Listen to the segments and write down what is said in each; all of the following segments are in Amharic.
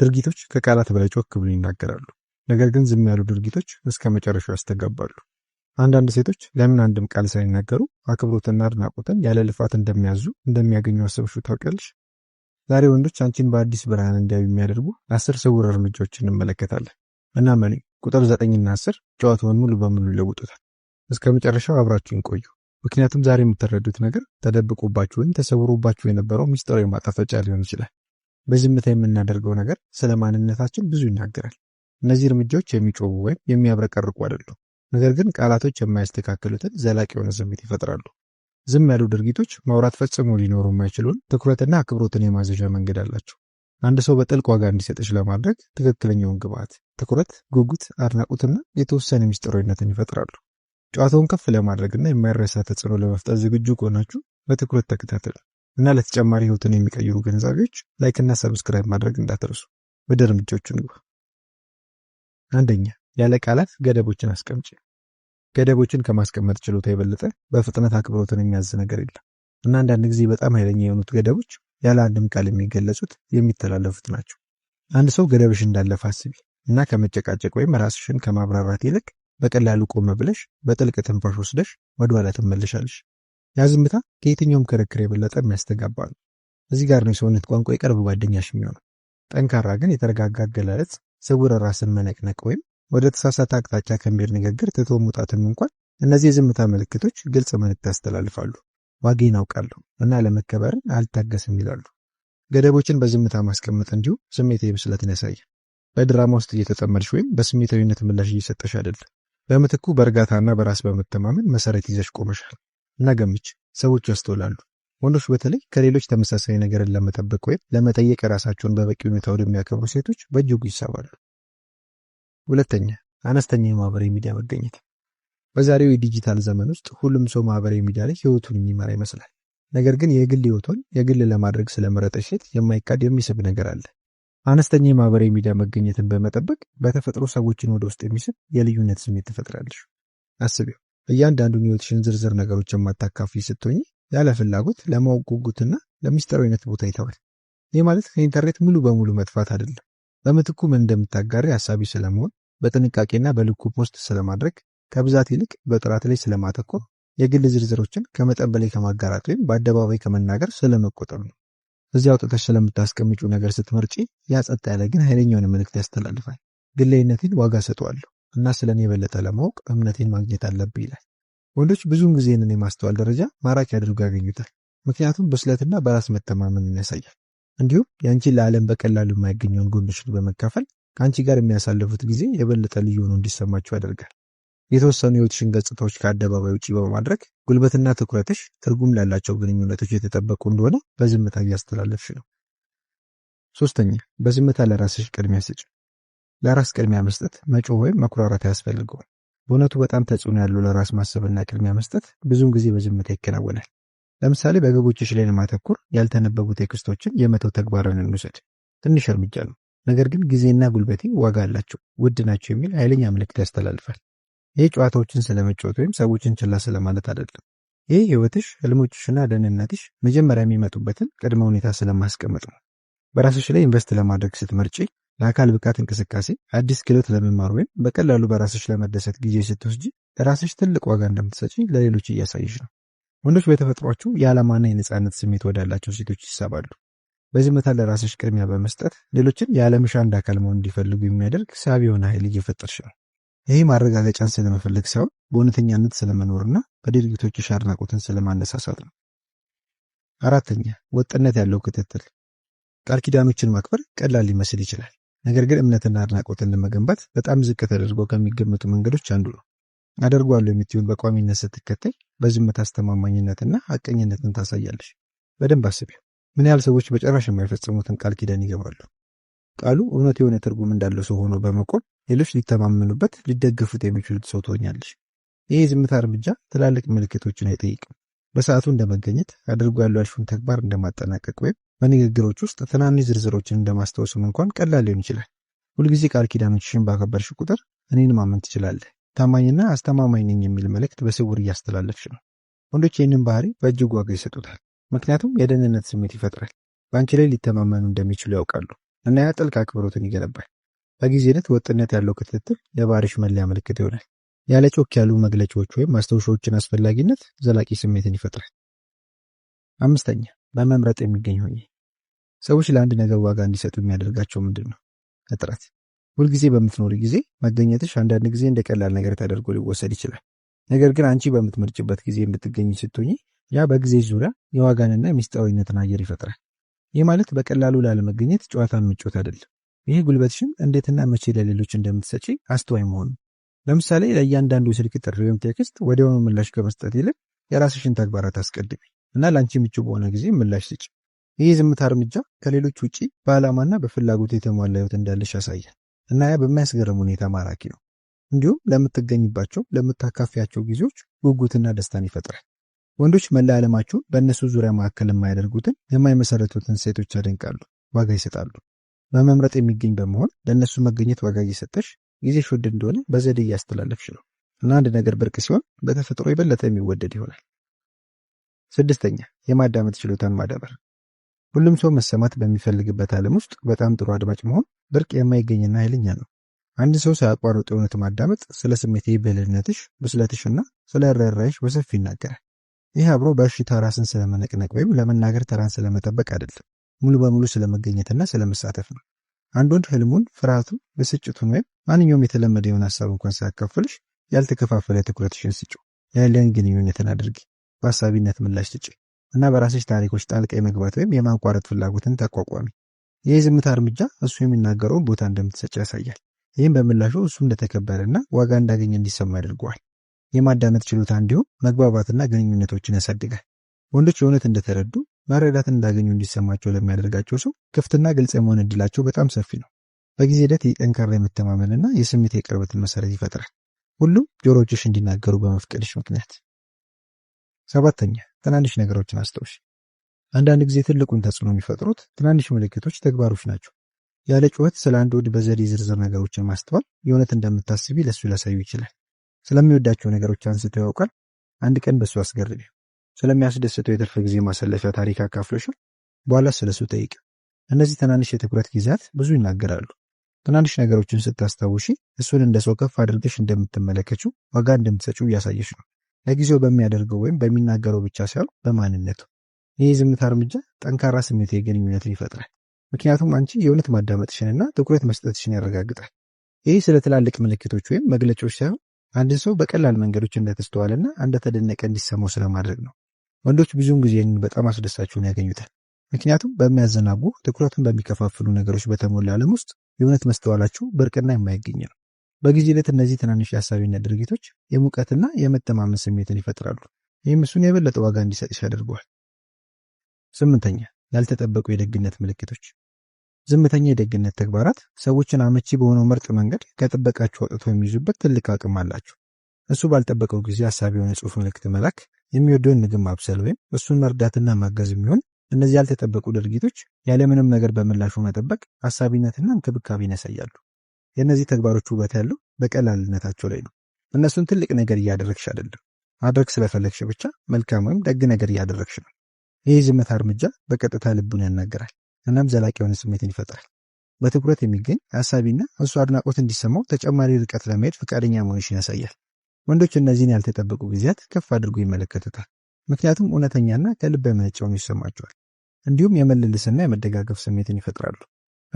ድርጊቶች ከቃላት በላይ ጮክ ብሎ ይናገራሉ። ነገር ግን ዝም ያሉ ድርጊቶች እስከ መጨረሻው ያስተጋባሉ። አንዳንድ ሴቶች ለምን አንድም ቃል ሳይናገሩ አክብሮትና አድናቆትን ያለ ልፋት እንደሚያዙ እንደሚያገኙ አስበሽው ታውቂያለሽ? ዛሬ ወንዶች አንቺን በአዲስ ብርሃን እንዲያዩ የሚያደርጉ አስር ስውር እርምጃዎች እንመለከታለን እና መኒ ቁጥር ዘጠኝና አስር ጨዋታውን ሙሉ በሙሉ ይለውጡታል። እስከ መጨረሻው አብራችሁን ቆዩ፣ ምክንያቱም ዛሬ የምትረዱት ነገር ተደብቆባችሁ ወይም ተሰውሮባችሁ የነበረው ሚስጥራዊ ማጣፈጫ ሊሆን ይችላል። በዝምታ የምናደርገው ነገር ስለ ማንነታችን ብዙ ይናገራል። እነዚህ እርምጃዎች የሚጮቡ ወይም የሚያብረቀርቁ አይደሉም፣ ነገር ግን ቃላቶች የማያስተካክሉትን ዘላቂ የሆነ ስሜት ይፈጥራሉ። ዝም ያሉ ድርጊቶች ማውራት ፈጽሞ ሊኖሩ የማይችሉን ትኩረትና አክብሮትን የማዘዣ መንገድ አላቸው። አንድ ሰው በጥልቅ ዋጋ እንዲሰጥሽ ለማድረግ ትክክለኛውን ግብዓት፣ ትኩረት፣ ጉጉት፣ አድናቆትና የተወሰነ ሚስጥራዊነትን ይፈጥራሉ። ጨዋታውን ከፍ ለማድረግና የማይረሳ ተጽዕኖ ለመፍጠር ዝግጁ ከሆናችሁ በትኩረት ተከታተሉ። እና ለተጨማሪ ህይወትን የሚቀይሩ ግንዛቤዎች ላይክና ሰብስክራይብ ማድረግ እንዳትረሱ። ወደ እርምጃዎቹ እንግባ። አንደኛ፣ ያለ ቃላት ገደቦችን አስቀምጭ። ገደቦችን ከማስቀመጥ ችሎታ የበለጠ በፍጥነት አክብሮትን የሚያዝ ነገር የለም እና አንዳንድ ጊዜ በጣም ኃይለኛ የሆኑት ገደቦች ያለ አንድም ቃል የሚገለጹት የሚተላለፉት ናቸው። አንድ ሰው ገደብሽ እንዳለፈ አስቢ እና ከመጨቃጨቅ ወይም ራስሽን ከማብራራት ይልቅ በቀላሉ ቆመ ብለሽ በጥልቅ ትንፋሽ ወስደሽ ወደ ኋላ ትመለሻለሽ። ያ ዝምታ ከየትኛውም ክርክር የበለጠ የሚያስተጋባ ነው። እዚህ ጋር ነው የሰውነት ቋንቋ የቅርብ ጓደኛሽ የሚሆነው። ጠንካራ ግን የተረጋጋ አገላለጽ ስውር ራስን መነቅነቅ ወይም ወደ ተሳሳተ አቅጣጫ ከሚሄድ ንግግር ትቶ መውጣትም እንኳን እነዚህ የዝምታ ምልክቶች ግልጽ መልእክት ያስተላልፋሉ። ዋጌን አውቃለሁ እና ለመከበርን አልታገስም ይላሉ። ገደቦችን በዝምታ ማስቀመጥ እንዲሁ ስሜታዊ ብስለትን ያሳያል። በድራማ ውስጥ እየተጠመድሽ ወይም በስሜታዊነት ምላሽ እየሰጠሽ አይደለም። በምትኩ በእርጋታና በራስ በመተማመን መሰረት ይዘሽ ቆመሻል። እና ገምች ሰዎች ያስተውላሉ። ወንዶች በተለይ ከሌሎች ተመሳሳይ ነገርን ለመጠበቅ ወይም ለመጠየቅ ራሳቸውን በበቂ ሁኔታ ወደሚያከብሩ ሴቶች በእጅጉ ይሳባሉ። ሁለተኛ፣ አነስተኛ የማህበራዊ ሚዲያ መገኘት። በዛሬው የዲጂታል ዘመን ውስጥ ሁሉም ሰው ማህበራዊ ሚዲያ ላይ ህይወቱን የሚመራ ይመስላል። ነገር ግን የግል ህይወቱን የግል ለማድረግ ስለመረጠች ሴት የማይካድ የሚስብ ነገር አለ። አነስተኛ የማህበራዊ ሚዲያ መገኘትን በመጠበቅ በተፈጥሮ ሰዎችን ወደ ውስጥ የሚስብ የልዩነት ስሜት ትፈጥራለች። አስቢው እያንዳንዱን ሕይወትሽን ዝርዝር ነገሮች የማታካፊ ስትሆኝ ያለ ፍላጎት ለማወቅ ጉጉትና ለሚስጥራዊነት ቦታ ይተዋል። ይህ ማለት ከኢንተርኔት ሙሉ በሙሉ መጥፋት አይደለም። በምትኩ ምን እንደምታጋሪ ሀሳቢ ስለመሆን፣ በጥንቃቄና በልኩ ፖስት ስለማድረግ፣ ከብዛት ይልቅ በጥራት ላይ ስለማተኮር፣ የግል ዝርዝሮችን ከመጠን በላይ ከማጋራት ወይም በአደባባይ ከመናገር ስለመቆጠብ ነው። እዚያ አውጥተሽ ስለምታስቀምጩ ነገር ስትመርጪ፣ ያ ያለ ግን ኃይለኛውን መልእክት ያስተላልፋል። ግለይነትን ዋጋ ሰጠዋለሁ እና ስለ እኔ የበለጠ ለማወቅ እምነቴን ማግኘት አለብህ ይላል። ወንዶች ብዙውን ጊዜ ይህንን የማስተዋል ደረጃ ማራኪ አድርጎ ያገኙታል። ምክንያቱም ብስለትና በራስ መተማመንን ያሳያል። እንዲሁም የአንቺን ለዓለም በቀላሉ የማይገኘውን ጎንሽን በመካፈል ከአንቺ ጋር የሚያሳልፉት ጊዜ የበለጠ ልዩ ሆኖ እንዲሰማችሁ ያደርጋል። የተወሰኑ የወትሽን ገጽታዎች ከአደባባይ ውጭ በማድረግ ጉልበትና ትኩረትሽ ትርጉም ላላቸው ግንኙነቶች የተጠበቁ እንደሆነ በዝምታ እያስተላለፍሽ ነው። ሶስተኛ፣ በዝምታ ለራስሽ ቅድሚያ ስጭ። ለራስ ቅድሚያ መስጠት መጮ ወይም መኩራራት ያስፈልገዋል። በእውነቱ በጣም ተጽዕኖ ያለው ለራስ ማሰብና ቅድሚያ መስጠት ብዙውን ጊዜ በዝምታ ይከናወናል። ለምሳሌ በግቦችሽ ላይ ለማተኩር ያልተነበቡ ቴክስቶችን የመተው ተግባርን እንውሰድ። ትንሽ እርምጃ ነው፣ ነገር ግን ጊዜና ጉልበቴ ዋጋ አላቸው፣ ውድ ናቸው የሚል ኃይለኛ ምልክት ያስተላልፋል። ይህ ጨዋታዎችን ስለመጫወት ወይም ሰዎችን ችላ ስለማለት አይደለም። ይህ ህይወትሽ፣ ህልሞችሽና ደህንነትሽ መጀመሪያ የሚመጡበትን ቅድመ ሁኔታ ስለማስቀመጥ ነው። በራስሽ ላይ ኢንቨስት ለማድረግ ስትመርጪ ለአካል ብቃት እንቅስቃሴ፣ አዲስ ክህሎት ለመማር ወይም በቀላሉ በራስሽ ለመደሰት ጊዜ ስትወስጂ ራስሽ ትልቅ ዋጋ እንደምትሰጪ ለሌሎች እያሳየሽ ነው። ወንዶች በተፈጥሯቸው የዓላማና የነፃነት ስሜት ወዳላቸው ሴቶች ይሳባሉ። በዚህ መታ ለራስሽ ቅድሚያ በመስጠት ሌሎችን የዓለምሽ አንድ አካል መሆን እንዲፈልጉ የሚያደርግ ሳቢ የሆነ ኃይል እየፈጠርሽ ነው። ይህ ማረጋገጫን ስለመፈለግ ሳይሆን በእውነተኛነት ስለመኖርና በድርጊቶችሽ አድናቆትን ስለማነሳሳት ነው። አራተኛ ወጥነት ያለው ክትትል። ቃል ኪዳኖችን ማክበር ቀላል ሊመስል ይችላል። ነገር ግን እምነትና አድናቆትን ለመገንባት በጣም ዝቅ ተደርጎ ከሚገመቱ መንገዶች አንዱ ነው። አደርጓለሁ የምትሆን በቋሚነት ስትከተል በዝምታ አስተማማኝነትና አቀኝነትን ታሳያለች። በደንብ አስቢው። ምን ያህል ሰዎች በጭራሽ የማይፈጽሙትን ቃል ኪዳን ይገባሉ? ቃሉ እውነት የሆነ ትርጉም እንዳለው ሰው ሆኖ በመቆም ሌሎች ሊተማመኑበት ሊደገፉት የሚችሉት ሰው ትሆኛለች። ይህ የዝምታ እርምጃ ትላልቅ ምልክቶችን አይጠይቅም። በሰዓቱ እንደመገኘት አድርጎ ያለሽውን ተግባር እንደማጠናቀቅ ወይም በንግግሮች ውስጥ ትናንሽ ዝርዝሮችን እንደማስታወስም እንኳን ቀላል ሊሆን ይችላል። ሁልጊዜ ቃል ኪዳኖችሽን ባከበርሽ ቁጥር እኔን ማመን ትችላለህ። ታማኝና አስተማማኝ ነኝ የሚል መልእክት በስውር እያስተላለፍሽ ነው። ወንዶች ይህንን ባህሪ በእጅጉ ዋጋ ይሰጡታል፣ ምክንያቱም የደህንነት ስሜት ይፈጥራል። በአንቺ ላይ ሊተማመኑ እንደሚችሉ ያውቃሉ እና ያ ጥልቅ አክብሮትን ይገነባል። በጊዜነት ወጥነት ያለው ክትትል የባህሪሽ መለያ ምልክት ይሆናል። ያለ ጮክ ያሉ መግለጫዎች ወይም ማስታወሻዎችን አስፈላጊነት ዘላቂ ስሜትን ይፈጥራል። አምስተኛ በመምረጥ የሚገኝ ሆኜ ሰዎች ለአንድ ነገር ዋጋ እንዲሰጡ የሚያደርጋቸው ምንድን ነው? እጥረት። ሁልጊዜ በምትኖሪ ጊዜ መገኘትሽ አንዳንድ ጊዜ እንደ ቀላል ነገር ተደርጎ ሊወሰድ ይችላል። ነገር ግን አንቺ በምትመርጭበት ጊዜ የምትገኝ ስትሆኚ ያ በጊዜ ዙሪያ የዋጋንና የሚስጠዊነትን አየር ይፈጥራል። ይህ ማለት በቀላሉ ላለመገኘት ጨዋታን ምጮት አይደለም። ይህ ጉልበትሽን እንዴትና መቼ ለሌሎች እንደምትሰጪ አስተዋይ መሆኑ። ለምሳሌ ለእያንዳንዱ ስልክ ጥሪ ወይም ቴክስት ወዲያውኑ ምላሽ ከመስጠት ይልቅ የራስሽን ተግባራት አስቀድሚ እና ለአንቺ ምቹ በሆነ ጊዜ ምላሽ ስጭ። ይህ የዝምታ እርምጃ ከሌሎች ውጪ በዓላማና በፍላጎት የተሟላ ህይወት እንዳለሽ ያሳያል እና ያ በሚያስገርም ሁኔታ ማራኪ ነው። እንዲሁም ለምትገኝባቸው ለምታካፊያቸው ጊዜዎች ጉጉትና ደስታን ይፈጥራል። ወንዶች መላ ዓለማቸውን በእነሱ ዙሪያ መካከል የማያደርጉትን የማይመሰረቱትን ሴቶች ያደንቃሉ፣ ዋጋ ይሰጣሉ። በመምረጥ የሚገኝ በመሆን ለእነሱ መገኘት ዋጋ እየሰጠሽ ጊዜሽ ውድ እንደሆነ በዘዴ እያስተላለፍሽ ነው እና አንድ ነገር ብርቅ ሲሆን በተፈጥሮ የበለጠ የሚወደድ ይሆናል። ስድስተኛ የማዳመጥ ችሎታን ማዳበር ሁሉም ሰው መሰማት በሚፈልግበት ዓለም ውስጥ በጣም ጥሩ አድማጭ መሆን ብርቅ የማይገኝና ኃይለኛ ነው። አንድ ሰው ሳያቋርጥ እውነት ማዳመጥ ስለ ስሜቴ ብልህነትሽ፣ ብስለትሽና ስለ ርኅራኄሽ በሰፊ ይናገራል። ይህ አብሮ በእሽታ ራስን ስለመነቅነቅ ወይም ለመናገር ተራን ስለመጠበቅ አይደለም፣ ሙሉ በሙሉ ስለመገኘትና ስለመሳተፍ ነው። አንድ ወንድ ህልሙን፣ ፍርሃቱን፣ ብስጭቱን ወይም ማንኛውም የተለመደ የሆነ ሀሳብ እንኳን ሳያካፍልሽ ያልተከፋፈለ ትኩረትሽን ስጪው። ያለን ግንኙነትን አድርጊ። በሀሳቢነት ምላሽ ስጪ። እና በራስሽ ታሪኮች ጣልቃ የመግባት ወይም የማቋረጥ ፍላጎትን ተቋቋሚ። ይህ ዝምታ እርምጃ እሱ የሚናገረውን ቦታ እንደምትሰጭ ያሳያል። ይህም በምላሹ እሱ እንደተከበረና ዋጋ እንዳገኘ እንዲሰማ ያደርገዋል። የማዳመጥ ችሎታ እንዲሁም መግባባትና ግንኙነቶችን ያሳድጋል። ወንዶች የእውነት እንደተረዱ መረዳት እንዳገኙ እንዲሰማቸው ለሚያደርጋቸው ሰው ክፍትና ግልጽ የመሆን እድላቸው በጣም ሰፊ ነው። በጊዜ ሂደት የጠንካራ የመተማመንና የስሜት የቅርበትን መሰረት ይፈጥራል። ሁሉም ጆሮዎችሽ እንዲናገሩ በመፍቀድሽ ምክንያት። ሰባተኛ ትናንሽ ነገሮችን አስታውሽ። አንዳንድ ጊዜ ትልቁን ተጽዕኖ የሚፈጥሩት ትናንሽ ምልክቶች፣ ተግባሮች ናቸው። ያለ ጩኸት ስለ አንድ ወድ በዘዴ ዝርዝር ነገሮችን ማስተዋል የእውነት እንደምታስቢ ለሱ ሊያሳዩ ይችላል። ስለሚወዳቸው ነገሮች አንስቶ ያውቃል። አንድ ቀን በሱ አስገርቢው። ስለሚያስደስተው የትርፍ ጊዜ ማሳለፊያ ታሪክ አካፍሎሻል። በኋላ ስለሱ ጠይቅ። እነዚህ ትናንሽ የትኩረት ጊዜያት ብዙ ይናገራሉ። ትናንሽ ነገሮችን ስታስታውሺ እሱን እንደ ሰው ከፍ አድርገሽ እንደምትመለከችው ዋጋ እንደምትሰጪው እያሳየሽ ነው። ለጊዜው በሚያደርገው ወይም በሚናገረው ብቻ ሳይሆን በማንነቱ። ይህ የዝምታ እርምጃ ጠንካራ ስሜት የግንኙነትን ይፈጥራል። ምክንያቱም አንቺ የእውነት ማዳመጥሽንና ትኩረት መስጠትሽን ያረጋግጣል። ይህ ስለ ትላልቅ ምልክቶች ወይም መግለጫዎች ሳይሆን አንድ ሰው በቀላል መንገዶች እንደተስተዋለና እንደተደነቀ እንዲሰማው ስለማድረግ ነው። ወንዶች ብዙውን ጊዜ በጣም አስደሳችሁን ያገኙታል። ምክንያቱም በሚያዘናጉ ትኩረትን በሚከፋፍሉ ነገሮች በተሞላ ዓለም ውስጥ የእውነት መስተዋላችሁ ብርቅና የማይገኝ ነው። በጊዜ ዕለት እነዚህ ትናንሽ የአሳቢነት ድርጊቶች የሙቀትና የመተማመን ስሜትን ይፈጥራሉ። ይህም እሱን የበለጠ ዋጋ እንዲሰጥሽ ያደርገዋል። ስምንተኛ ያልተጠበቁ የደግነት ምልክቶች። ዝምተኛ የደግነት ተግባራት ሰዎችን አመቺ በሆነው ምርጥ መንገድ ከጥበቃቸው አውጥቶ የሚይዙበት ትልቅ አቅም አላቸው። እሱ ባልጠበቀው ጊዜ አሳቢ የሆነ ጽሑፍ ምልክት መላክ፣ የሚወደውን ምግብ ማብሰል ወይም እሱን መርዳትና ማገዝ የሚሆን እነዚህ ያልተጠበቁ ድርጊቶች ያለምንም ነገር በምላሹ መጠበቅ አሳቢነትና እንክብካቤን ያሳያሉ። የእነዚህ ተግባሮች ውበት ያለው በቀላልነታቸው ላይ ነው። እነሱን ትልቅ ነገር እያደረግሽ አይደለም፣ ማድረግ ስለፈለግሽ ብቻ መልካም ወይም ደግ ነገር እያደረግሽ ነው። ይህ ዝምታ እርምጃ በቀጥታ ልቡን ያናገራል፣ እናም ዘላቂ የሆነ ስሜትን ይፈጥራል። በትኩረት የሚገኝ አሳቢና እሱ አድናቆት እንዲሰማው ተጨማሪ ርቀት ለመሄድ ፈቃደኛ መሆንሽን ያሳያል። ወንዶች እነዚህን ያልተጠበቁ ጊዜያት ከፍ አድርጎ ይመለከቱታል፣ ምክንያቱም እውነተኛና ከልብ የመነጨውን ይሰማቸዋል። እንዲሁም የመልልስና የመደጋገፍ ስሜትን ይፈጥራሉ።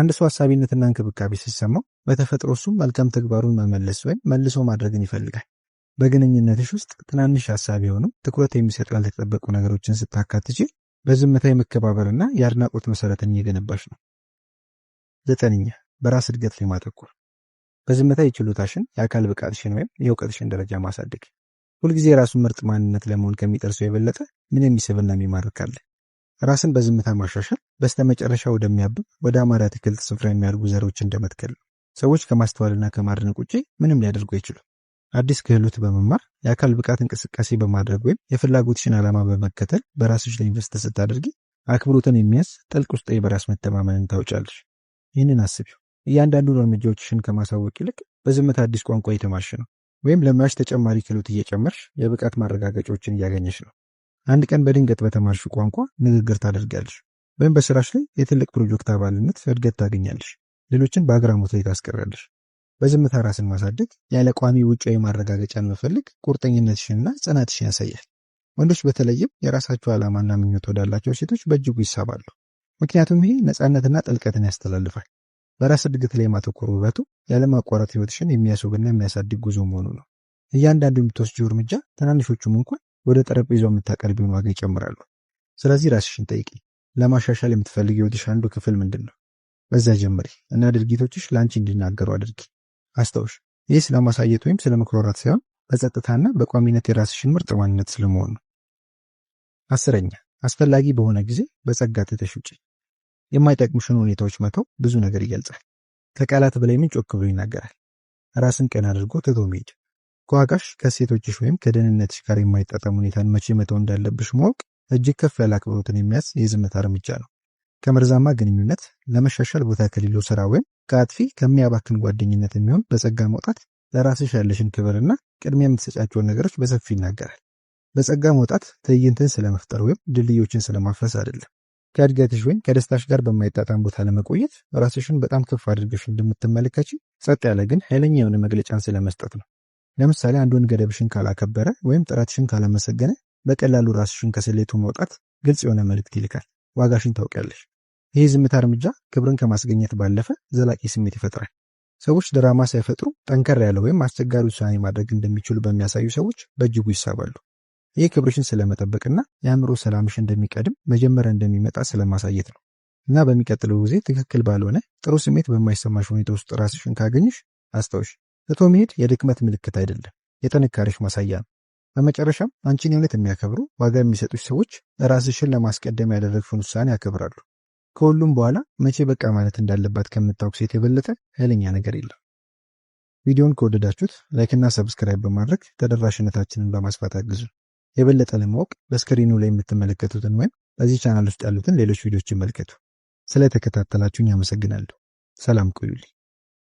አንድ ሰው አሳቢነትና እንክብካቤ ሲሰማው በተፈጥሮ እሱም መልካም ተግባሩን መመለስ ወይም መልሶ ማድረግን ይፈልጋል። በግንኙነትሽ ውስጥ ትናንሽ ሀሳብ የሆኑ ትኩረት የሚሰጡ ያልተጠበቁ ነገሮችን ስታካትች በዝምታ የመከባበርና የአድናቆት መሰረትን እየገነባሽ ነው። ዘጠነኛ በራስ እድገት ላይ ማተኮር። በዝምታ የችሎታሽን የአካል ብቃትሽን ወይም የእውቀትሽን ደረጃ ማሳደግ። ሁልጊዜ የራሱን ምርጥ ማንነት ለመሆን ከሚጠርሰው የበለጠ ምን የሚስብና የሚማርክ አለ? ራስን በዝምታ ማሻሻል በስተመጨረሻ ወደሚያብብ ወደ አማራ አትክልት ስፍራ የሚያድጉ ዘሮች እንደመትከል ነው። ሰዎች ከማስተዋልና ከማድነቅ ውጪ ምንም ሊያደርጉ አይችሉም። አዲስ ክህሎት በመማር የአካል ብቃት እንቅስቃሴ በማድረግ ወይም የፍላጎትሽን ዓላማ በመከተል በራስሽ ላይ ኢንቨስት ስታደርጊ አክብሮትን የሚያስ ጥልቅ ውስጥ በራስ መተማመንን ታውጫለሽ። ይህንን አስቢው። እያንዳንዱን እርምጃዎችሽን ከማሳወቅ ይልቅ በዝምታ አዲስ ቋንቋ የተማሽ ነው ወይም ለማሽ ተጨማሪ ክህሎት እየጨመርሽ የብቃት ማረጋገጫዎችን እያገኘሽ ነው። አንድ ቀን በድንገት በተማርሹ ቋንቋ ንግግር ታደርጋለሽ ወይም በስራሽ ላይ የትልቅ ፕሮጀክት አባልነት እድገት ታገኛለሽ። ሌሎችን በአግራሞት ላይ ታስቀራለሽ። በዝምታ ራስን ማሳደግ ያለ ቋሚ ውጫዊ ማረጋገጫን መፈልግ ቁርጠኝነትሽንና ጽናትሽን ያሳያል። ወንዶች በተለይም የራሳቸው ዓላማና ምኞት ወዳላቸው ሴቶች በእጅጉ ይሳባሉ። ምክንያቱም ይሄ ነጻነትና ጥልቀትን ያስተላልፋል። በራስ እድገት ላይ ማተኮር ውበቱ ያለማቋረጥ ህይወትሽን የሚያስውብና የሚያሳድግ ጉዞ መሆኑ ነው። እያንዳንዱ የምትወስጂው እርምጃ ትናንሾቹም እንኳን ወደ ጠረጴዛው የምታቀርቢውን ዋጋ ይጨምራሉ። ስለዚህ ራስሽን ጠይቂ። ለማሻሻል የምትፈልግ ህይወትሽ አንዱ ክፍል ምንድን ነው? በዛ ጀምሪ እና ድርጊቶችሽ ለአንቺ እንዲናገሩ አድርጊ። አስታውሽ፣ ይህ ስለማሳየት ወይም ስለ መኩራራት ሳይሆን በጸጥታና በቋሚነት የራስሽን ምርጥ ማንነት ስለመሆኑ አስረኛ አስፈላጊ በሆነ ጊዜ በጸጋ ትተሽ ውጪ። ሁኔታዎች መተው ብዙ ነገር ይገልጻል። ከቃላት በላይ ምን ጮክ ብሎ ይናገራል? ራስን ቀና አድርጎ ትቶ መሄድ። ከዋጋሽ ከሴቶችሽ ወይም ከደህንነትሽ ጋር የማይጣጠም ሁኔታን መቼ መተው እንዳለብሽ ማወቅ እጅግ ከፍ ያለ አክብሮትን የሚያዝ የዝምታ እርምጃ ነው። ከመርዛማ ግንኙነት ለመሻሻል ቦታ ከሌለው ስራ ወይም ከአጥፊ ከሚያባክን ጓደኝነት የሚሆን በጸጋ መውጣት ለራስሽ ያለሽን ክብርና ቅድሚያ የምትሰጫቸውን ነገሮች በሰፊ ይናገራል። በጸጋ መውጣት ትዕይንትን ስለመፍጠር ወይም ድልድዮችን ስለማፍረስ አይደለም። ከእድገትሽ ወይም ከደስታሽ ጋር በማይጣጣም ቦታ ለመቆየት ራስሽን በጣም ከፍ አድርገሽ እንደምትመለከች ጸጥ ያለ ግን ኃይለኛ የሆነ መግለጫን ስለመስጠት ነው። ለምሳሌ አንድ ወንድ ገደብሽን ካላከበረ ወይም ጥረትሽን ካላመሰገነ በቀላሉ ራስሽን ከስሌቱ መውጣት ግልጽ የሆነ መልእክት ይልካል። ዋጋሽን ታውቂያለሽ። ይህ ዝምታ እርምጃ ክብርን ከማስገኘት ባለፈ ዘላቂ ስሜት ይፈጥራል። ሰዎች ድራማ ሳይፈጥሩ ጠንከር ያለ ወይም አስቸጋሪ ውሳኔ ማድረግ እንደሚችሉ በሚያሳዩ ሰዎች በእጅጉ ይሳባሉ። ይህ ክብርሽን ስለመጠበቅና የአእምሮ ሰላምሽ እንደሚቀድም መጀመሪያ እንደሚመጣ ስለማሳየት ነው እና በሚቀጥለው ጊዜ ትክክል ባልሆነ ጥሩ ስሜት በማይሰማሽ ሁኔታ ውስጥ ራስሽን ካገኝሽ አስታውሽ፣ ትቶ መሄድ የድክመት ምልክት አይደለም፣ የጥንካሬሽ ማሳያ ነው። በመጨረሻም አንቺን እውነት የሚያከብሩ ዋጋ የሚሰጡሽ ሰዎች ራስሽን ለማስቀደም ያደረግሽውን ውሳኔ ያከብራሉ። ከሁሉም በኋላ መቼ በቃ ማለት እንዳለባት ከምታውቅ ሴት የበለጠ ኃይለኛ ነገር የለም። ቪዲዮን ከወደዳችሁት ላይክና ሰብስክራይብ በማድረግ ተደራሽነታችንን በማስፋት አግዙ። የበለጠ ለማወቅ በስክሪኑ ላይ የምትመለከቱትን ወይም በዚህ ቻናል ውስጥ ያሉትን ሌሎች ቪዲዮዎች ይመልከቱ። ስለተከታተላችሁኝ አመሰግናለሁ። ሰላም ቆዩልኝ።